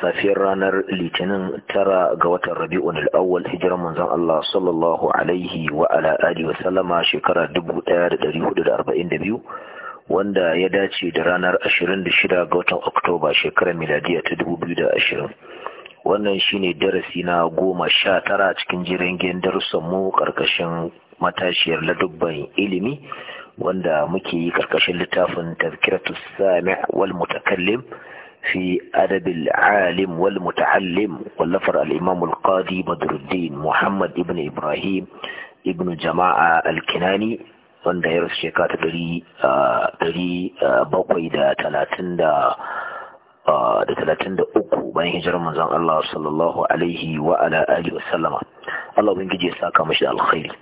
safiyar ranar litinin tara ga watan rabi'un al'awwal hijiran manzon Allah sallallahu alaihi wa ala alihi wa sallama shekara 1442 wanda ya dace da ranar 26 ga watan Oktoba shekarar miladiya ta 2020 wannan shine darasi na goma sha tara cikin jirgin darussan mu karkashin matashiyar ladubban ilimi wanda muke yi karkashin littafin tazkiratus sami'a wal mutakallim في أدب العالم والمتعلم واللفر الإمام القاضي بدر الدين محمد ابن إبراهيم ابن جماعة الكناني wanda ya rasu shekara ta ɗari bakwai da talatin da talatin da uku bayan hijirar manzon Allah sallallahu alaihi wa ala alihi wa Allah ubangiji ya saka mashi alkhairi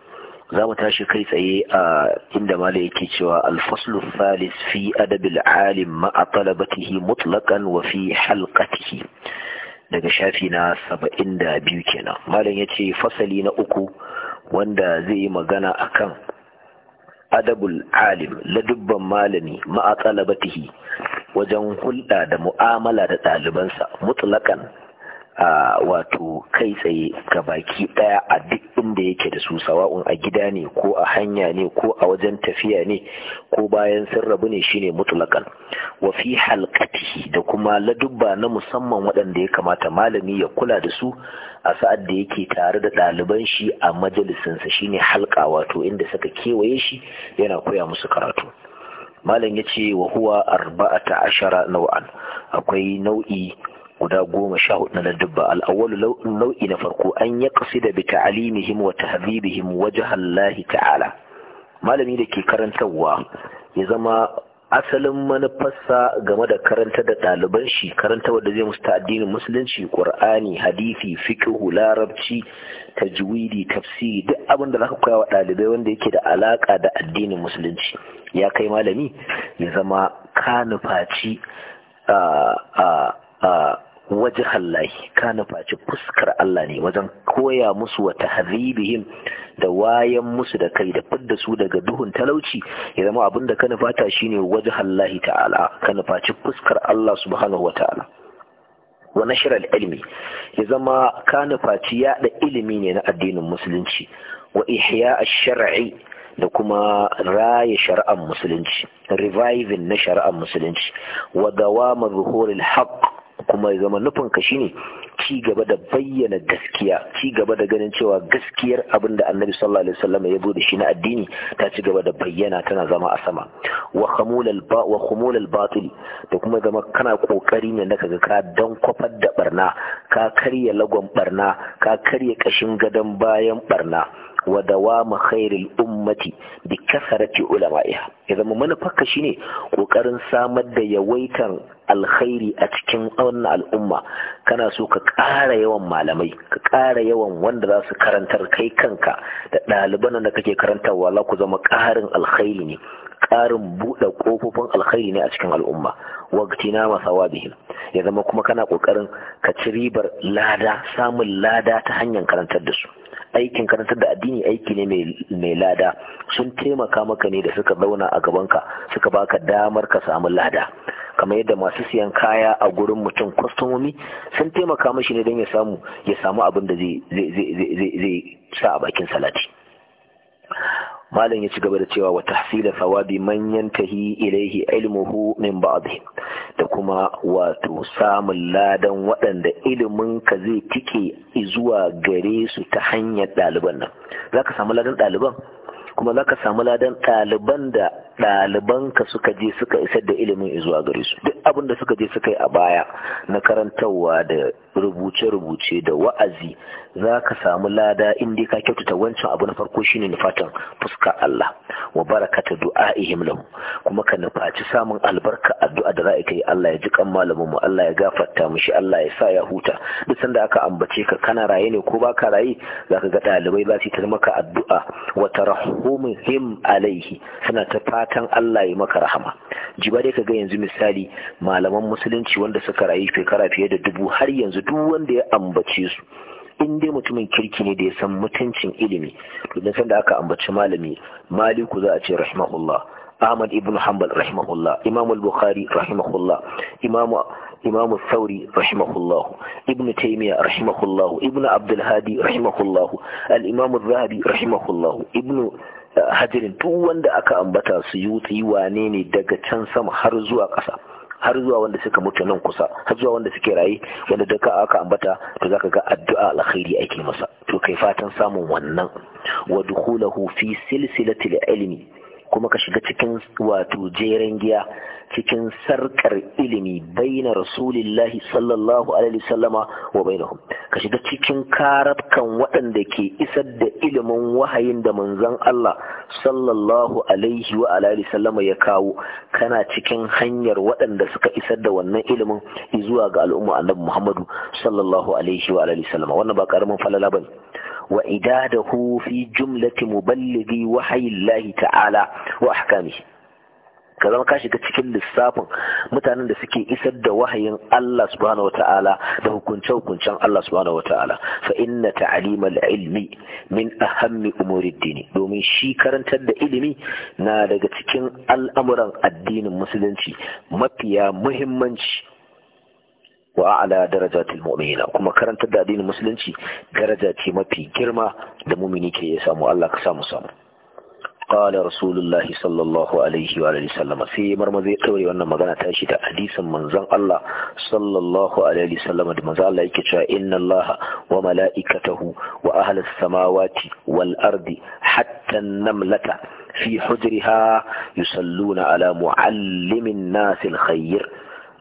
za mu tashi kai tsaye a inda mala yake cewa alfaslu thalis fi adabil alim ma'a talabatihi mutlaqan wa fi halqatihi daga shafi na saba'in da biyu kenan malam ya ce fasali na uku wanda zai yi magana akan adabul alim ladubban malami ma'a talabatihi wajen hulɗa da mu'amala da ɗalibansa mutlaƙan A wato kai tsaye ga baki daya a duk inda yake da su sawa'un a gida ne ko a hanya ne ko a wajen tafiya ne ko bayan sun rabu ne shine mutlakan wa fi halqatihi da kuma ladubba na musamman waɗanda ya kamata malami ya kula da su a sa'ad da yake tare da ɗaliban shi a majalisinsa shine halka wato inda suka kewaye shi yana koya musu karatu malam ya ce wa huwa arba'ata ashara nau'an akwai nau'i guda goma sha hudu na dubba al'awwalu nau'i na farko an ya da bita alimihim wa tahdhibihim wajha Allah ta'ala malami da ke karantarwa ya zama asalin manufarsa game da karanta da ɗaliban shi karanta wadda zai musu addinin musulunci ƙur'ani hadisi fiqhu larabci tajwidi tafsiri duk abin da zaka koya wa ɗalibai wanda yake da alaka da addinin musulunci ya kai malami ya zama kanufaci a ah, ah, ah, waje hallahi ka fuskar Allah ne wajen koya musu wa tahzibihim da wayan musu da kai da fidda su daga duhun talauci ya zama abin da ka nufata shine waje hallahi ta'ala ka fuskar Allah subhanahu wa ta'ala wa ilmi ya zama ka yada ilimi ne na addinin musulunci wa ihya ash-shar'i da kuma raya shari'ar musulunci reviving na shari'ar musulunci wa dawama zuhuril haqq kuma ya zama nufin ka shine ci gaba da bayyana gaskiya ci gaba da ganin cewa gaskiyar abin da annabi sallallahu alaihi wasallam ya bude shi na addini ta ci gaba da bayyana tana zama a sama wa khumulal ba wa khumulal batil da kuma zama kana kokari ne da kaga ka dan kwafar da barna ka karya lagon barna ka karya kashin gadon bayan barna wa dawam khairil ummati bi kasarati ulama'iha ya zama ka shine kokarin samar da yawaitan alkhairi a cikin wannan al'umma kana so ka ƙara yawan malamai ka ƙara yawan wanda za su karantar kai kanka da ɗaliban da kake karantarwa za ku zama ƙarin alkhairi ne ƙarin buɗe ƙofofin alkhairi ne a cikin al'umma waqtina masawabihim ya zama kuma kana ƙoƙarin ka ci ribar lada samun lada ta hanyar karantar da su aikin karantar da addini aiki ne mai lada sun taimaka maka ne da suka zauna a gabanka suka baka damar ka samu lada kamar yadda masu siyan kaya a gurin mutum kwastomomi sun taimaka mashi ne don ya samu ya samu abin da zai sa a bakin salati malam ya ci gaba da cewa wa tahsila sawabi manyan tahi ilaihi ilmuhu min ba'dhi da kuma wato samun ladan waɗanda ilimin ka zai tike zuwa gare su ta hanyar ɗaliban nan zaka samu ladan ɗaliban kuma zaka samu ladan ɗaliban da ɗalibanka suka je suka isar da ilimin zuwa gare su duk abin da suka je suka yi a baya na karantarwa da rubuce-rubuce da wa'azi za ka samu lada inda ka kyautata wancan abu na farko shine nufatan fuska Allah wa barakata du'a'ihim lahu kuma ka nufaci samun albarka addu'a da za'a yi Allah ya ji kan malamin mu Allah ya gafarta mishi Allah ya sa ya huta duk sanda aka ambace ka kana raye ne ko baka raye zaka ga ɗalibai za su yi ta maka addu'a wa tarahumuhim alaihi suna ta fatan Allah ya maka rahama jiba dai kaga yanzu misali malaman musulunci wanda suka rayu shekara fiye da dubu har yanzu duk wanda ya ambace su in dai mutumin kirki ne da ya san mutuncin ilimi to dan sanda aka ambaci malami maliku za a ce rahimahullah ahmad ibn hanbal rahimahullah imam al-bukhari rahimahullah imam imam al-thawri rahimahullah ibn taymiya rahimahullah ibn abdul hadi rahimahullah al-imam al-zahabi rahimahullah ibn hajirin duk wanda aka ambata su yi wane ne daga can sama har zuwa ƙasa har zuwa wanda suka mutu nan kusa har zuwa wanda suke raye wanda duka aka ambata to zaka ga addu'a alkhairi aiki masa to kai fatan samun wannan wa dukhulahu fi silsilatil ilmi kuma ka shiga cikin wato jeren giya cikin sarkar ilimi baina rasulillahi sallallahu alaihi sallama wa bainahum ka shiga cikin karabkan waɗanda ke isar da ilimin wahayin da manzon Allah sallallahu alaihi wa alaihi sallama ya kawo kana cikin hanyar waɗanda suka isar da wannan ilimin zuwa ga al'umma annabi Muhammadu sallallahu alaihi wa alaihi sallama wannan ba karamin falala bane wa idadahu fi jumlati muballighi wahayi Allah ta'ala wa ahkamihi ka zama ka shiga cikin lissafin mutanen da suke isar da wahayin Allah subhanahu wata'ala da hukunce hukuncen Allah subhanahu wata'ala fa inna ta'limal ilmi min ahammi umurid dini domin shi karantar da ilimi na daga cikin al'amuran addinin musulunci mafiya muhimmanci wa a'la darajatil mu'minina kuma karantar da addinin musulunci daraja ce mafi girma da mumini ke ya samu Allah ka samu samu qala rasulullahi sallallahu alaihi wa alihi sallama sai marmaza ya daure wannan magana ta shi da hadisin manzon Allah sallallahu alaihi sallama da manzon Allah yake cewa inna Allah wa mala'ikatahu wa ahli samawati wal ardi hatta namlata fi hujriha yusalluna ala muallimin nasil khair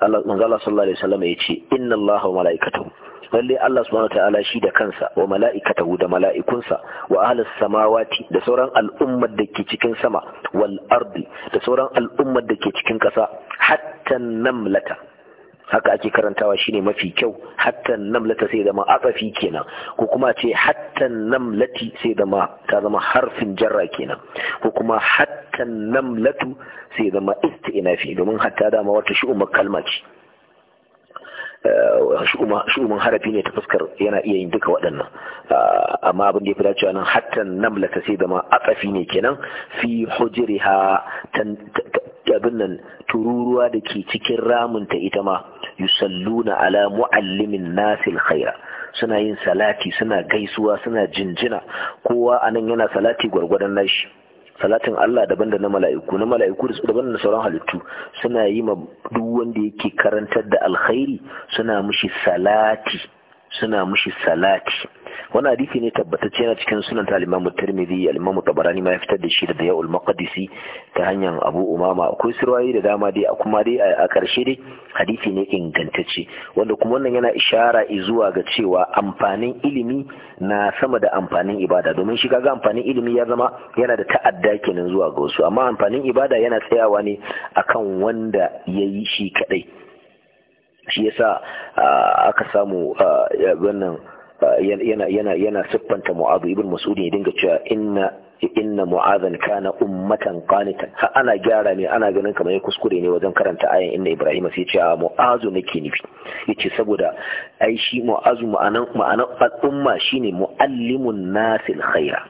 manzala sallallahu alaihi wasallam ya ce inna allaha wa mala'ikatahu lalle Allah subhanahu ta'ala shi da kansa wa mala'ikatahu da mala'ikunsa wa ahlus samawati da sauran al'ummar da ke cikin sama wal ardi da sauran al'ummar da ke cikin ƙasa hatta namlata haka ake karantawa shine mafi kyau hatta namlata sai zama atsafi kenan ko kuma ce hatta namlati sai zama ta zama harfin jarra kenan ko kuma hatta namlatu sai zama istinafi domin hatta dama wata shi'umar kalma ce eh, shi'umin harafi ne ta fuskar yana iya yin duka waɗannan eh, amma abin da ya fi dacewa nan hatta namlata sai zama atsafi ne kenan fi hujriha abin nan tururuwa da ke cikin ramunta ita ma yusalluna ala muallimin nasil khaira suna yin salati suna gaisuwa suna jinjina kowa anan yana salati gwargwadon nashi salatin Allah daban da na mala'iku na mala'iku daban da sauran halittu suna yi ma duk wanda yake karantar da alkhairi suna mushi salati suna mushi salati wani hadisi ne tabbatacce yana cikin sunan ta al-Imam Tirmidhi al-Imam Tabarani ma fitar da shi da Dayaul Maqdisi ta hanyar Abu Umama akwai sirwayi da dama dai kuma dai a ƙarshe dai hadisi ne ingantacce wanda kuma wannan yana ishara zuwa ga cewa amfanin ilimi na sama da amfanin ibada domin shi kaga amfanin ilimi ya zama yana da ta'adda kenan zuwa ga wasu amma amfanin ibada yana tsayawa ne akan wanda yayi shi kadai shi yasa aka samu wannan yana yana yana siffanta mu'adu ibn mas'ud ya dinga cewa inna inna mu'adhan kana ummatan qanitan ha ana gyara ne ana ganin kamar ya kuskure ne wajen karanta ayan inna ibrahima sai ce mu'azu nake nufi yace saboda ai shi mu'azu ma'anan ma'anan al'umma shine muallimun nasil khaira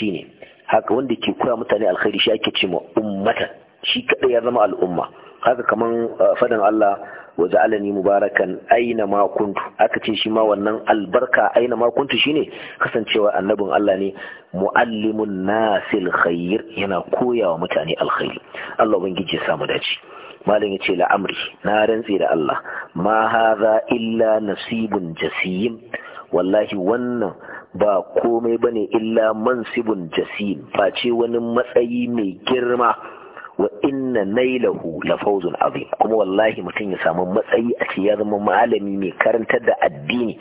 shine haka wanda ke koya mutane alkhairi shi ake ce ummatan shi kaɗai ya zama al'umma haka kaman eh, fadan Allah waja'alani mubarakan aina ma kuntu aka ce shi ma wannan albarka aina ma kuntu shine kasancewa annabin Allah ne muallimun nasil khair yana koyawa mutane alkhairi Allah ubangiji ya samu dace malam yace la amri na rantsi da Allah ma hadha illa nasibun jasim wallahi wannan ba komai bane illa mansibun jasim ce wani matsayi mai girma wa inna nailahu la fawzun azim kuma wallahi mutum ya samu matsayi a ce ya zama malami mai karantar da addini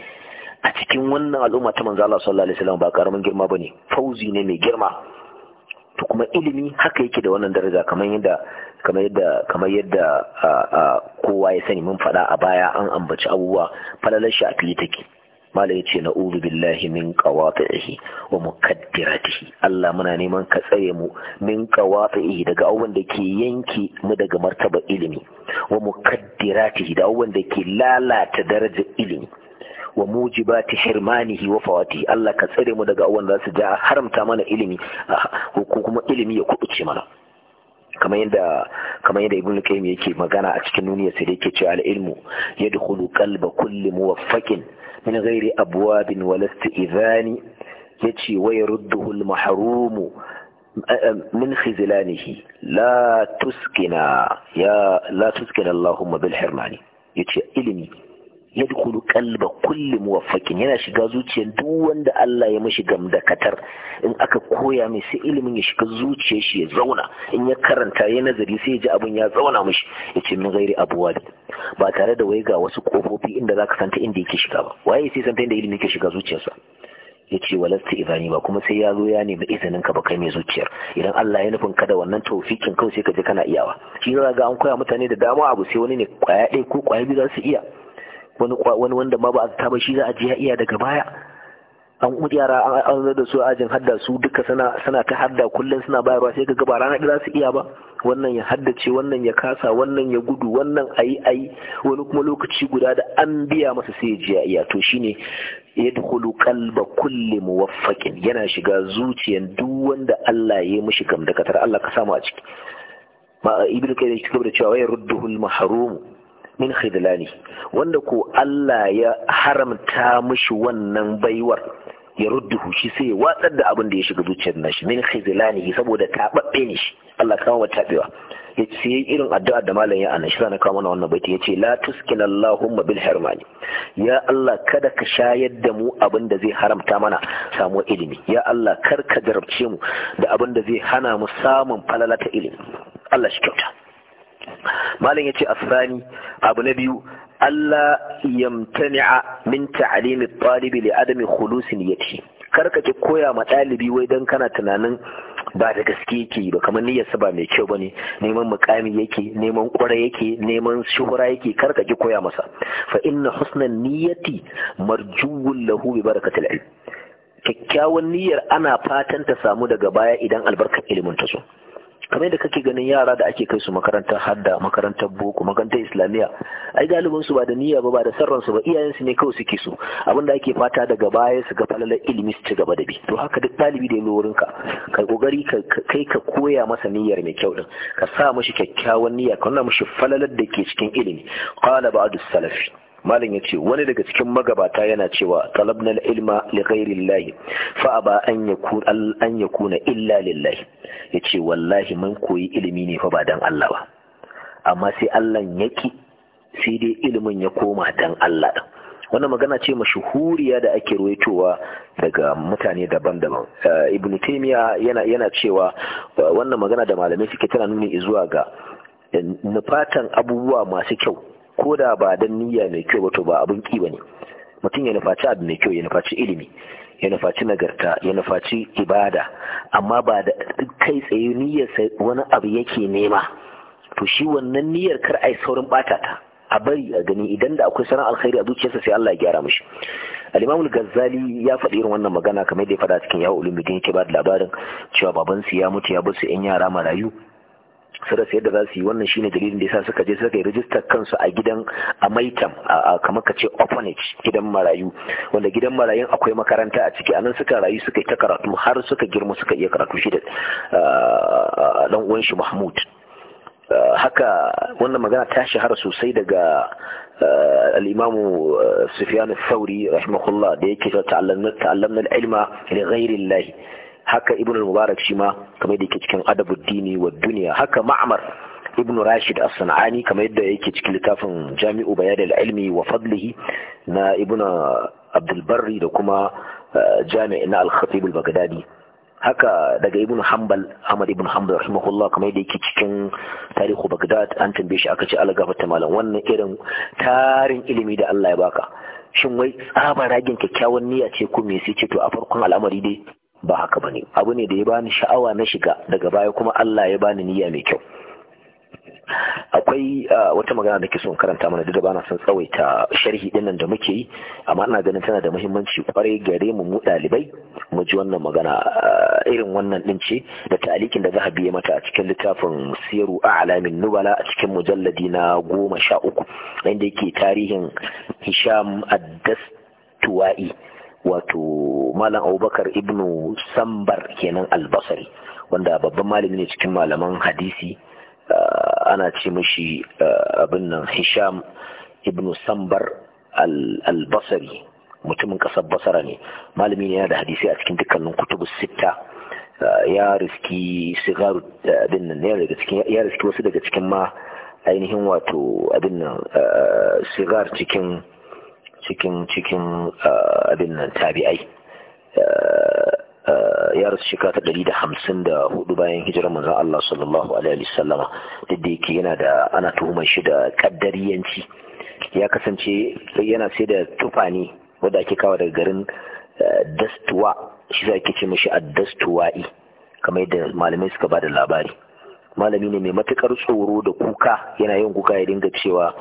a cikin wannan al'umma ta manzo Allah sallallahu alaihi wasallam ba karamin girma bane fauzi ne mai girma to kuma ilimi haka yake da wannan daraja kamar yadda kamar yadda kamar yadda kowa ya sani mun faɗa a baya an ambaci abubuwa falalar shi a fili take mala ya ce na billahi min ihi wa mukaddiratihi Allah muna neman ka tsare mu min ihi daga abubuwan da ke yanki mu daga martaba ilimi wa mukaddiratihi da abubuwan da ke lalata daraja ilimi wa mujibati hirmanihi wa fawati Allah ka tsare mu daga abubuwan da su ja haramta mana ilimi ah, ko kuma ilimi ya kubuce mana kamar yadda kamar yadda ibnu kayyim yake magana a cikin nuniyar sai da yake cewa al-ilmu yadkhulu qalba kulli muwaffaqin min ghairi abwabin wala izani yace wa yarudduhu rudduhul mahrum eh, min khizlanihi la tuskina ya la tuskina Allahumma bil hirmani yace ilimi yadkhulu qalba kulli muwaffaqin yana shiga zuciyar duk wanda Allah ya mishi gamdakatar in aka koya mai sai ilimin ya shiga zuciyar shi ya zauna in ya karanta ya nazari sai ya ji abin ya zauna mishi yace min gairi abwali ba tare da wai ga wasu kofofi inda zaka santa inda yake shiga ba waye sai santa inda ilimin yake shiga zuciyarsa ya ce walasta izani ba kuma sai ya zo ya nemi izinin ka ba kai mai zuciyar idan Allah ya nufin ka da wannan tawfikin kawai sai ka je kana iyawa shi za ga an koya mutane da dama abu sai wani ne kwaya ɗaya ko kwaya biyu za su iya wani wani wanda ma ba a zata ba shi za a je iya daga baya an kuɗi yara an zo da su ajin hadda su duka sana ta hadda kullum suna bayarwa sai ga gaba rana za su iya ba wannan ya haddace wannan ya kasa wannan ya gudu wannan ayi ayi wani kuma lokaci guda da an biya masa sai ji iya to shine yadkhulu qalba kulli muwaffaqin yana shiga zuciyan duk wanda Allah ya yi mishi gamdakatar Allah ka samu a ciki ma ibnu kayyim ya da cewa ya rudduhul mahrum min khidlani wanda ko Allah ya haramta mishi wannan baiwar ya rudduhu shi sai ya watsar da abin da ya shiga zuciyar nashi min khidlani saboda tababbe ne shi Allah kama wa tabewa ya ce irin addu'a da malam ya annashi sana kawo na wannan baiti ya ce la tuskina Allahumma bil harmani ya Allah kada ka shayar da mu abin da zai haramta mana samu ilimi ya Allah kar ka jarabce mu da abin da zai hana mu samun falala ta ilimi Allah shi kyauta malam yace asani abu na biyu Allah yamtani'a min ta'limi talibi li adami khulusi niyyati karka ki koya ma ɗalibi wai dan kana tunanin ba da gaske yake ba kamar niyyar niyyarsa ba mai kyau bane neman mukami yake neman kwara yake neman shuhura yake karka ki koya masa fa inna husnan niyyati marjuwun lahu bi barakatil ilm kyakkyawan niyyar ana fatan ta samu daga baya idan albarkar ilimin ta so. kamar da kake ganin yara da ake kai su makarantar hadda makarantar boko makarantar islamiyya ai galibin su ba da niyya ba ba da sarran su ba iyayen su ne kawai suke so abin da ake fata daga baya su ga falalar ilimi su ci gaba da bi to haka duk ɗalibi da ya wurin wurinka kai kokari kai ka koya masa niyyar mai kyau din ka sa mashi kyakkyawan niyya ka nuna mishi falalar da ke cikin ilimi qala ba'du salafi malam yace wani daga cikin magabata yana cewa talabnal ilma li ghairi llahi fa aba an an yakuna illa lillahi ya ce wallahi mun koyi ilimi ne fa ba dan Allah ba amma sai Allah ya ki sai dai ilimin ya koma dan Allah ɗin wannan magana ce mashuhuriya da ake ruwaitowa daga mutane daban-daban eh, ibn taymiya yana yana cewa eh, wannan magana da malamai suke tana nuni zuwa ga eh, nufatan abubuwa masu kyau ko da ba dan niyya mai kyau ba to ba abin ki bane mutum ya nufaci abu mai kyau ya nufaci ilimi ya nufaci nagarta ya nufaci ibada amma ba da kai tsaye niyyarsa wani abu yake nema to shi wannan niyyar kar ai saurin bata ta a bari a gani idan da akwai sanar alkhairi a zuciyarsa sai Allah ya gyara mishi al-Imam al ya faɗi irin wannan magana kamar da ya faɗa cikin yawo ulumuddin yake ba da labarin cewa babansu ya mutu ya bar su yan yara marayu su rasa yadda za su yi wannan shine dalilin da yasa suka je suka yi rijistar kansu a gidan a maitam kamar ka ce orphanage gidan marayu wanda gidan marayun akwai makaranta a ciki anan suka rayu suka yi ta karatu har suka girma suka iya karatu shi da dan uwan shi Mahmud haka wannan magana ta shahara sosai daga al'imamu Sufyan Thauri rahimahullah da yake ta'allamna al-ilma li ghairi haka ibn al-mubarak shi ma kamar da yake cikin adabuddini dini wa duniya haka ma'mar ibn rashid as-sanani kamar yadda yake cikin littafin jami'u bayan al-ilmi wa fadlihi na ibn abdul barri da kuma eh, jami'i na al-khatib al-baghdadi haka daga ibn hanbal ahmad ibn hanbal rahimahullah kamar yadda yake cikin tarihu bagdad an tambaye shi aka ce Allah gafarta malam wannan irin tarin ilimi da Allah ya baka shin wai tsabar ragin kyakkyawan niyya ce ko me sai ce to a farkon al'amari dai ba haka ba ne abu ne da ya bani sha'awa na shiga daga baya kuma Allah ya bani niyya mai kyau akwai wata magana da ke son karanta mana duk da bana son tsawaita sharhi din nan da muke yi amma ina ganin tana da muhimmanci kwarai gare mu mu dalibai mu ji wannan magana irin wannan din ce da talikin da za a biye mata a cikin littafin siru a'lamin nubala a cikin mujalladi na goma sha uku inda yake tarihin hisham ad-dastuwa'i wato malam abubakar ibnu sambar kenan albasari wanda babban malami ne cikin malaman hadisi ah, ana ce mashi ah, abin nan hisham ibnu sambar albasari mutumin kasar basara ne malami ne yana da hadisi a cikin dukkanin kutubu sita ah, ya riski sigaru abin nan ya riski wasu daga cikin ma ainihin wato abin nan sigar cikin cikin cikin ah, abin nan tabi'ai ah, ah, ya rasu shekara ta ɗari da hamsin da hudu bayan hijirar manzon Allah sallallahu alaihi wasallama duk da yake yana da ana tuhumar shi da kaddariyanci ya kasance yana sai da tufani wanda ake kawo daga garin dastuwa shi za ake ce mashi addastuwa'i kamar yadda malamai suka ba da labari malami ne mai matukar tsoro da kuka yana yin kuka ya dinga cewa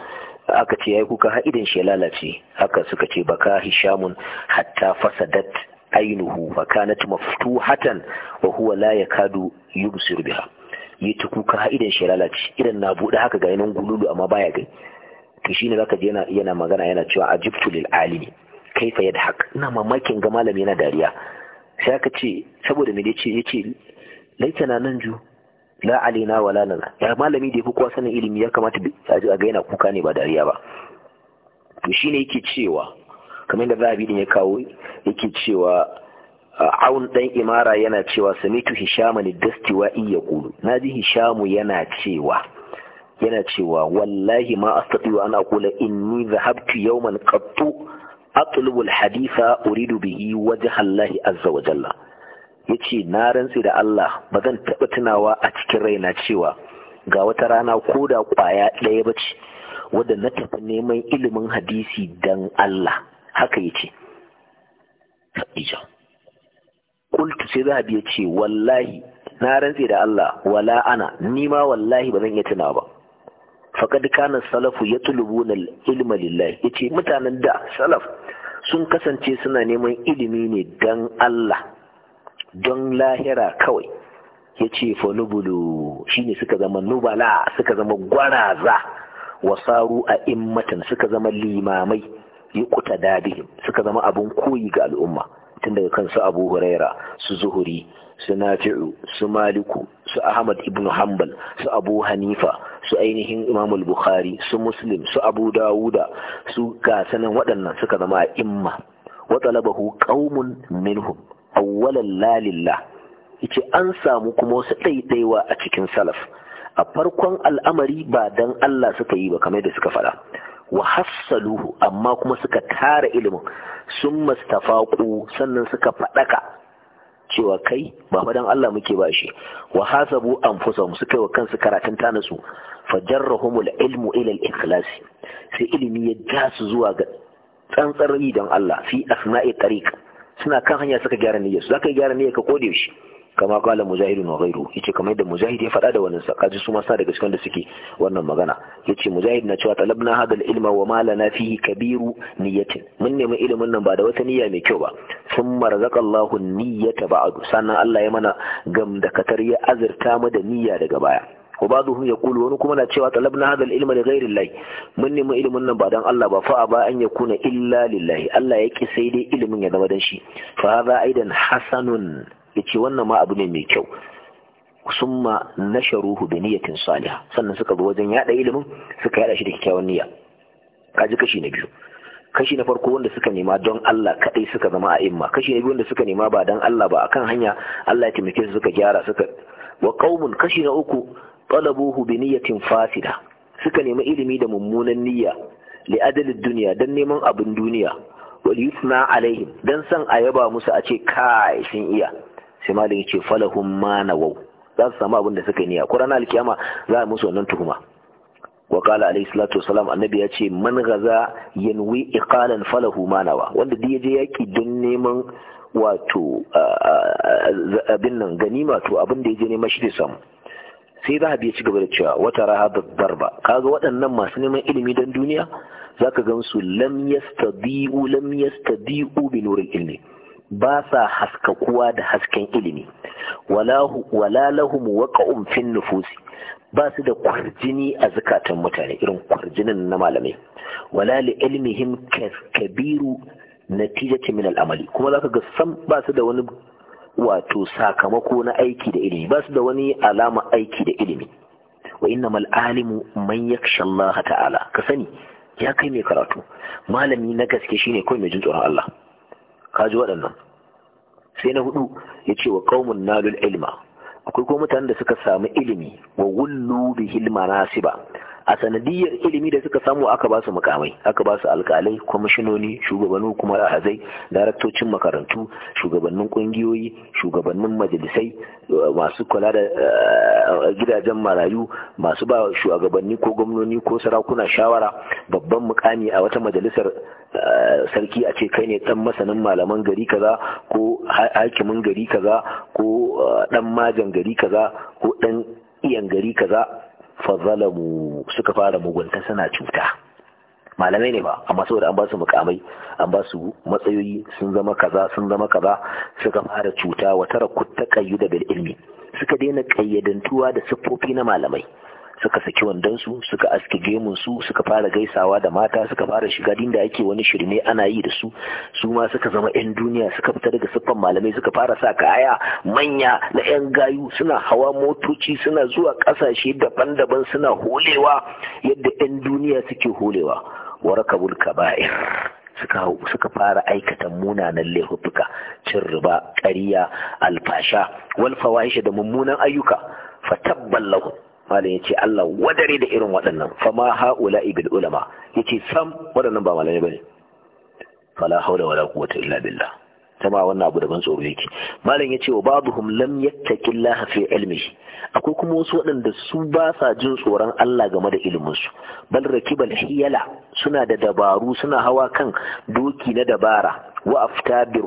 aka ce yayi kuka har idan shi ya lalace haka suka ce baka hishamun hatta fasadat ainuhu fa kanat maftuhatan wa huwa la yakadu yubsir biha yi ta kuka har idan shi ya lalace idan na bude haka ga yanan gululu amma baya gai to shine zaka ji yana yana magana yana cewa ajibtu lil alimi kaifa yadhak ina mamakin ga malami yana dariya sai aka ce saboda me yace yace na nan ju la alina wala lana ya malami da yafi kowa sanin ilimi ya kamata a ga yana kuka ne ba dariya ba to shine yake cewa kamar da zahabi din ya kawo yake cewa aun dan imara yana cewa samitu hishaman wa ya kulu Na ji hishamu yana cewa yana cewa wallahi ma astati ana aqula inni dhahabtu yawman qattu atlubu alhaditha uridu bihi wajha allahi azza wa jalla ya ce na rantse da Allah ba zan taɓa tunawa a cikin raina cewa ga wata rana ko da kwaya ɗaya ba ce wadda na tafi neman ilimin hadisi don Allah haka ya ce kultu sai za ya ce wallahi na rantse da Allah wala ana ni ma wallahi ba zan iya tunawa ba faqad kana salafu yatlubuna al-ilma lillahi yace mutanen da salaf sun kasance suna neman ilimi ne dan Allah don lahira kawai ya ce fanubulu shi ne suka zama nubala suka zama gwaraza wasaru a immatan suka zama limamai yi kuta dadihim suka zama abun koyi ga al'umma tun daga kansu abu huraira su zuhuri su nafi'u su maliku su ahmad ibn hanbal su abu hanifa su ainihin imam bukhari su muslim su abu dawuda su gasanin waɗannan suka zama a imma wa talabahu qaumun minhum awwalan lalillah yace an samu kuma wasu daidaiwa a cikin salaf a farkon al'amari ba dan Allah suka yi ba kamar da suka faɗa wa hassaluhu amma kuma suka tara ilimin sun mastafaku sannan suka faɗaka cewa kai ba dan Allah muke ba shi wa hasabu anfusahum suka yi wa kansu karatun nasu fajarrahumul ilmu ila al-ikhlas sai ilimi ya ja zuwa ga tsantsar don Allah fi asma'i tariq suna kan hanya suka gyara niyyar su zaka yi gyara niyyar ka kode yaushe kama kala mujahidun wa ghairu yace kamar da mujahid ya faɗa da wannan sa kaji su ma sa daga cikin da suke wannan magana yace mujahid na cewa talabna hada ilma wa ma lana fihi kabiru niyyatin mun nemi ilimin nan ba da wata niyya mai kyau ba thumma razaqallahu niyyata ba'du sannan Allah ya mana gam da katar ya azurta mu da niyya daga baya wa ba'dhum yaqulu wani kuma na cewa talabna hadha al-ilma li ghayri Allah mun nemi ilimin nan ba dan Allah ba fa ba an yakuna illa lillahi Allah ya ki sai dai ilimin ya zama dan shi fa hadha aidan hasanun yace wannan ma abu ne mai kyau summa nasharuhu bi niyatin salihah sannan suka zo wajen yada ilimin suka yada shi da kyakkyawan niyya kaji kashi na biyu kashi na farko wanda suka nema don Allah kadai suka zama a imma kashi na biyu wanda suka nema ba don Allah ba akan hanya Allah ya taimake su suka gyara suka wa qaumun kashi na uku talabuhu bi niyyatin fasida suka nemi ilimi da mummunan niyya li adalid duniya dan neman abin duniya wal yusna alaihim dan san a yaba musu a ce kai sun iya sai malam yace falahum ma nawau za su samu abin da suka niyya qur'an alkiyama za a musu wannan tuhuma wa qala alayhi salatu wasalam annabi ya ce man gaza yanwi iqalan falahu ma nawa wanda duk yaje yaki don neman wato abin nan ganima to abin da yaje neman shi da samu sai ba ya ci gaba da cewa wata raha rahaba darba kaga waɗannan masu neman ilimi don duniya zaka gan su lam yastadiu lam yastadiu bi ilmi ba sa haska kuwa da hasken ilimi wala lahum waqa'un fin nufusi ba su da kwarjini a zukatan mutane irin kwarjinin na malamai wala li ilmihim kabiru natijati min al'amali kuma za ka ga sam ba su da wani wato sakamako na aiki da ilimi ba su da wani alama aiki da ilimi wa mal alimu man yakhsha Allah ta'ala ka sani ya kai mai karatu malami na gaske shine kawai mai jin tsoron Allah ka ji waɗannan sai na hudu ya ce wa qaumun nalul ilma akwai ko mutanen da suka samu ilimi wa wullu bihil manasiba a sanadiyar ilimi da suka samu aka ba su mukamai aka ba su alkalai kwamishinoni shugabanni hukumar ahazai daraktocin makarantu shugabannin kungiyoyi shugabannin majalisai masu kula da eh, gidajen marayu masu ba shugabanni ko gwamnoni ko sarakuna shawara babban mukami a wata majalisar eh, sarki a ce kai ne dan masanin malaman gari kaza ko hakimin gari kaza ko dan eh, majan gari kaza ko dan iyan gari kaza fazalamu suka fara mugunta suna cuta malamai ne ba amma saboda an ba su mukamai an ba su matsayoyi sun zama kaza sun zama kaza suka fara cuta wa tara kutta kayyuda bil ilmi suka daina kayyadantuwa da siffofi na malamai suka saki wandonsu suka aske gemunsu suka fara gaisawa da mata suka fara shiga dinda ake wani shirme ana yi da su su ma suka zama 'yan duniya suka fita daga siffan malamai suka fara sa kaya manya na 'yan gayu suna hawa motoci suna zuwa ƙasashe daban-daban suna holewa yadda 'yan duniya suke holewa warakabul kaba'ir suka suka fara aikata munanan laifuka cin riba ƙarya alfasha wal fawahisha da mummunan ayyuka fatabballahu malam yace Allah wadare da irin waɗannan fama haula ibil ulama yace sam waɗannan ba malamai bane fala haula wala quwwata illa billah tama wannan abu daban tsoro yake malam yace wa babuhum lam yattaqillaha fi ilmi akwai kuma wasu waɗanda su ba sa jin tsoron Allah game da ilimin su bal rakibal hiyala suna da dabaru suna hawa kan doki na dabara wa afta bir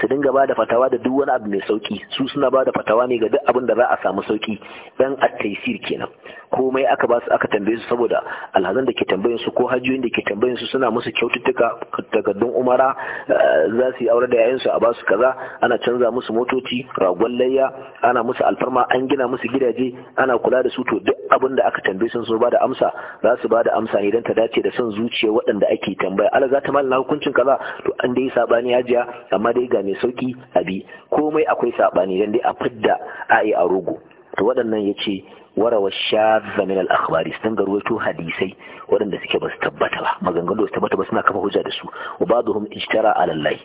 su dinga ba da fatawa da duk wani abu mai sauki su suna ba da fatawa ne ga duk abin da za a samu sauki dan at taisir kenan komai aka ba su aka tambaye su saboda alhazan da ke tambayin su ko hajiyoyin da ke tambayin su suna musu kyaututtuka takardun umara eh, za su yi aure da yayin su a ba su kaza ana canza musu motoci ragon layya ana musu alfarma an gina musu gidaje ana kula da su to duk abin da aka tambaye su su ba da amsa za su ba da amsa ne dan ta dace da son zuciya waɗanda ake tambaya ala za ta mallaka hukuncin kaza to an dai sabani hajiya amma dai ga mai sauki a biyu. komai akwai sabani dan dai a fidda yi a rogo to waɗannan ya ce warawa shadda min al-akhbari sun garwato hadisai waɗanda suke ba su tabbata ba maganganu su tabbata ba suna kafa hujja da su wa ba'dhum ishtara ala Allah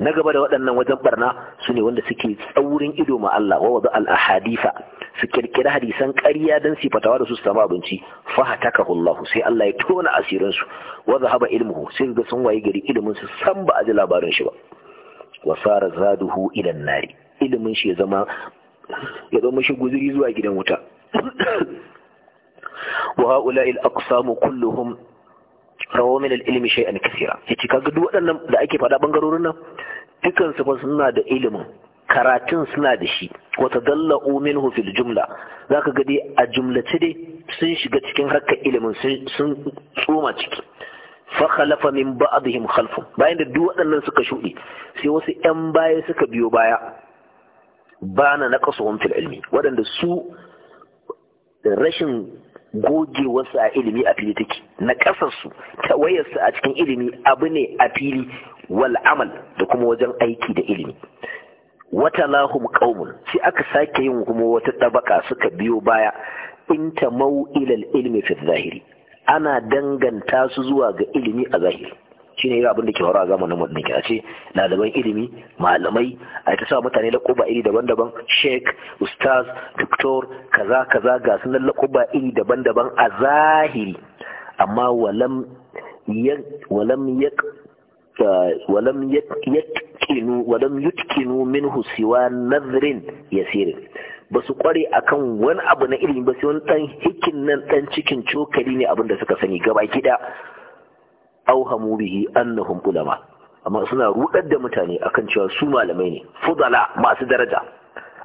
na gaba da waɗannan wajen barna su ne wanda suke tsaurin ido ma Allah wa wada al-ahaditha su kirkira hadisan ƙarya dan su fatawa da su samu abinci fa hatakahu Allah sai Allah ya tona asirin su wa zahaba ilmuhu sai ga sun waye gari ilimin su san ba a ji labarin shi ba wa sara zaduhu ilan nari ilimin shi ya zama ya zama shi zuwa gidan wuta wa haula'i al-aqsamu kulluhum rawo min al-ilmi shay'an kaseera yace kaga duk waɗannan da ake faɗa bangarorin nan dukan su fa suna da ilimin karatun suna da shi wata dalla minhu fil jumla za ka dai a jumlace dai sun shiga cikin harkar ilimin sun tsoma ciki fa khalafa min ba'dihim khalfun bayan da duk waɗannan suka shuɗe sai wasu ƴan baya suka biyo baya bana na qasawum fil ilmi waɗanda su rashin gogewarsu a ilimi a fili take na ƙasarsu tawayarsu a cikin ilimi abu ne a fili wal amal da kuma wajen aiki da ilimi wata lahum qaumun sai aka sake yin kuma wata tabaka suka biyo baya inta mau'ilal ilmi fi zahiri ana danganta su zuwa ga ilimi a zahiri shi ne abin da ke faruwa a zamanin mu ke a ce ɗaliban ilimi malamai a ta sa mutane laƙuba iri daban-daban sheik ustaz doktor kaza kaza ga sunan laƙuba iri daban-daban a zahiri amma walam yak walam yatkinu walam yutkinu minhu siwa nazrin yasirin ba su kware a kan wani abu na ilimi ba sai wani dan hikin nan dan cikin cokali ne abin da suka sani gaba kida auhamu bihi annahum ulama amma suna rudar da mutane akan cewa su malamai ne fudala masu daraja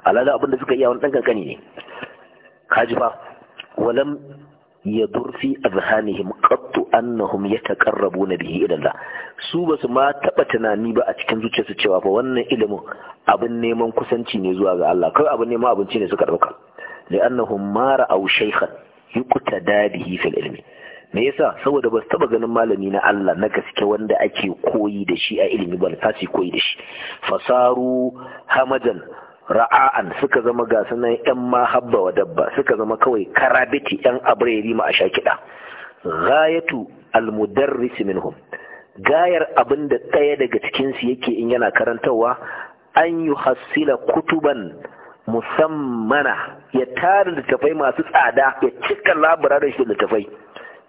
alala abin da suka iya wani dan kankani ne kaji fa walam yadur fi azhanihim qattu annahum yataqarrabuna bihi ila Allah su basu ma taɓa tunani ba a cikin zuciyarsu cewa fa wannan ilimin abin neman kusanci ne zuwa ga Allah kai abin neman abinci ne suka dauka li'annahum ma ra'aw shaykhan yuqtada bihi fil ilimi. me yasa saboda ba su taba ganin malami na Allah na gaske wanda ake koyi da shi a ilimi ba ta koyi da shi fasaru hamajan ra'a'an suka zama ga sunan yan mahabba wa dabba suka zama kawai karabiti yan yi ma a sha kiɗa ghayatu almudarris minhum gayar abin da ɗaya daga su yake in yana karantarwa an yi hasila kutuban musammana ya tara littafai masu tsada ya cika labirarin shi littafai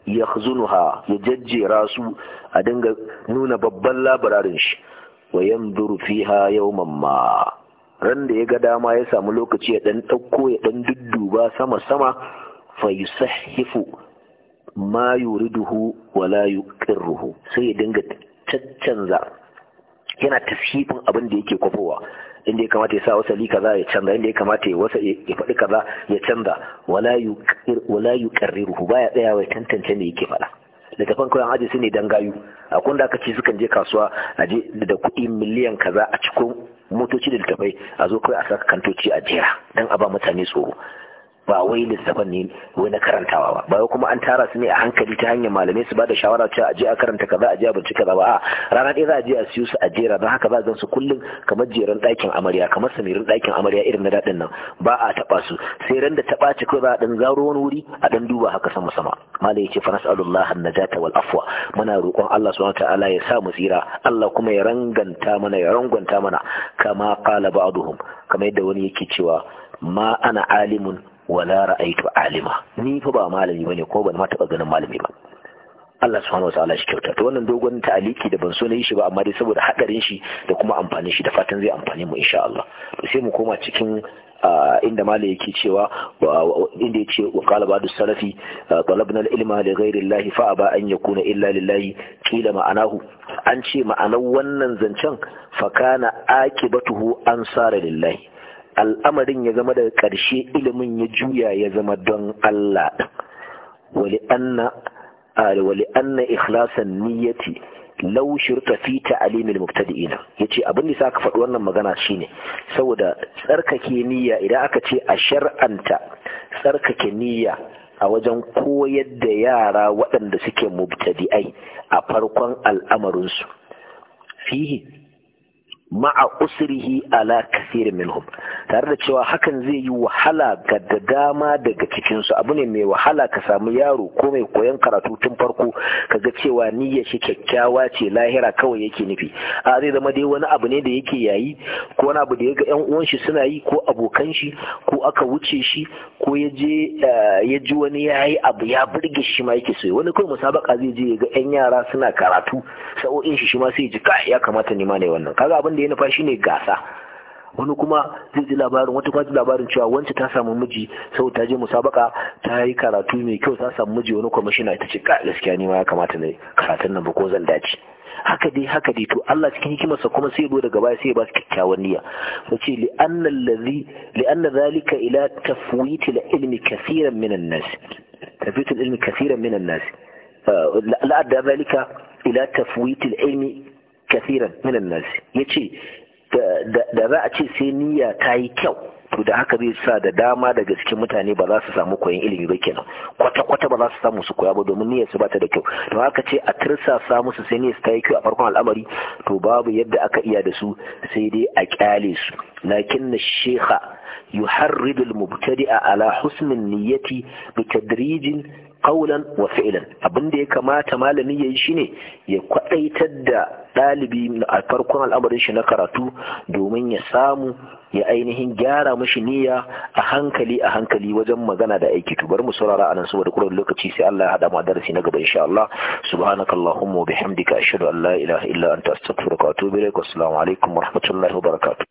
ya zunuha ya jajjera su a dinga nuna babban labararin shi wa yanzuru fiha yawman ma ran da ya ga dama ya samu lokaci ya dan ɗauko ya dan dudduba sama sama fa yusahhifu ma yuriduhu wa la yuqirruhu sai ya dinga caccanza yana tashifin abin da yake kwafowa inda ya kamata ya sa wasali kaza ya canza inda ya kamata ya wasa ya faɗi kaza ya canza wala yuqirruhu baya tsayawa ya tantance me yake faɗa littafan kawai an ajiye su ne dan gayu a kun da aka ce sukan je kasuwa a je da kuɗi miliyan kaza a cikin motoci da littafai a zo kawai a saka kantoci a jiya dan a ba mutane tsoro ba wai lissafan ne wai na karantawa ba ba kuma an tara su ne a hankali ta hanyar malamai su ba da shawara cewa aje a karanta kaza aje a bincika kaza ba a rana ɗaya za a je a siyo su a jera don haka za a su kullum kamar jeran ɗakin amarya kamar samirin ɗakin amarya irin na daɗin nan ba a taɓa su sai ran da taɓa ci kawai za a ɗan zaro wani wuri a ɗan duba haka sama sama malai yace fa nas'alullah an-najata wal afwa muna roƙon Allah subhanahu ta'ala ya sa mu tsira Allah kuma ya ranganta mana ya rangwanta mana kama qala ba'duhum kamar yadda wani yake cewa ma ana alimun wala ra'aytu alima ni fa ba malami bane ko ban ma taba ganin malami ba Allah subhanahu wataala shi kyauta to wannan dogon ta'aliki da ban so na yi shi ba amma dai saboda hadarin shi da kuma amfanin shi da fatan zai amfane mu insha Allah to sai mu koma cikin inda Malam yake cewa inda yake ce wa qala ba'du salafi talabna al-ilma li ghayri Allah fa aba an yakuna illa lillahi qila ma'anahu an ce ma'anar wannan zancen fa kana an ansara lillahi al'amarin ya zama daga ƙarshe ilimin ya juya ya zama don Allah wali anna wali anna ikhlasan niyyati law shirka fi ta'limil mubtadi'in yace abin da saka faɗi wannan magana shine saboda tsarkake niyya idan aka ce a shar'anta tsarkake niyya a wajen koyar da yara waɗanda suke mubtadi'ai a farkon al'amarinsu fihi ma'a usrihi ala kasirin minhum tare da cewa hakan zai yi wahala ga da dama daga cikinsu abu ne mai wahala ka samu yaro ko mai koyon karatu tun farko kaga cewa niyya shi kyakkyawa ce lahira kawai yake nufi a zai zama dai wani abu ne da yake yayi ko wani abu da ya ga yan uwan shi suna yi ko abokan shi ko aka wuce shi ko ya je ya ji wani yayi abu ya burge shi ma yake so wani kawai musabaka zai je ya ga yan yara suna karatu sa'o'in shi shi ma sai ji ka ya kamata ni ma ne wannan kaga abin ya nufa ne gasa wani kuma zai ji labarin wata kwaji labarin cewa wancan ta samu miji sau ta je musabaka ta yi karatu mai kyau ta samu miji wani kwamishina ita ce ka gaskiya ne ma ya kamata ne, karatun nan ba ko zan dace haka dai haka dai to Allah cikin hikimarsa kuma sai zo daga baya sai ya ba su kyakkyawan niyya sai ce li anna allazi li anna zalika ila tafwit al ilmi kaseeran min an nas tafwit al ilmi kaseeran min an nas la zalika ila tafwit al ilmi kathiran minan yace da za a ce sai niyya ta yi kyau to da haka zai sa da dama daga gaske mutane ba za su samu koyon ilimi ba kenan kwata-kwata ba za su samu su koya ba domin niyyar su ba ta da kyau to haka ce a tirsasa musu sai niyyar su ta yi kyau a farkon al'amari to babu yadda aka iya da su sai dai a kyale su lakin na shekha yuharridul mubtadi'a ala husnin niyyati bi tadrijin qaulan wa fi'lan abin da ya kamata malami yayi shine ya kwadaitar da dalibi a farkon al'amarin shi na karatu domin ya samu ya ainihin gyara mashi niyya a hankali a hankali wajen magana da aiki to bari mu saurara anan saboda kurar lokaci sai Allah ya hada mu darasi na gaba insha Allah subhanakallahumma wa bihamdika ashhadu an la ilaha illa anta astaghfiruka wa atubu ilaik assalamu alaikum wa rahmatullahi wa barakatuh